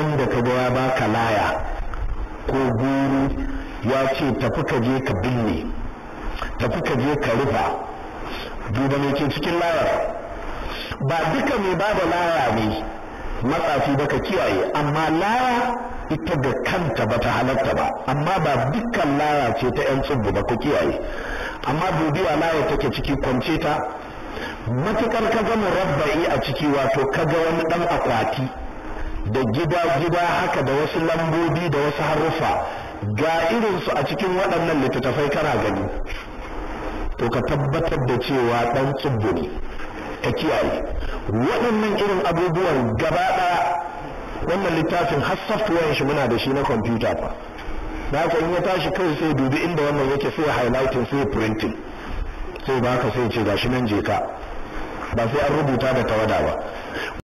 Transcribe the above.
wanda ka ga ya baka laya ko guru ya ce tafi ka je ka binne tafi ka je ka rufa duba mai ke cikin layar ba duka mai ba da laya ne matsafi baka kiyaye amma laya ita da kanta ba ta halatta ba amma ba dukkan laya ce ta 'yan ba ku kiyaye amma dubiwa laya take ciki kwance ta matukar ka gama rabba'i a ciki wato ka ga wani dan akwati da gida-gida haka da wasu lambobi da wasu haruffa ga irinsu a cikin waɗannan littattafai kana gani to ka tabbatar da cewa ɗan tsubbu ne ka kiyaye waɗannan irin abubuwan gaba ɗaya wannan littafin har software shi muna da shi na kwamfuta fa da haka in ya tashi kai sai dubi inda wannan yake sai highlighting sai printing sai baka sai ce gashi nan je ka ba sai an rubuta da tawada ba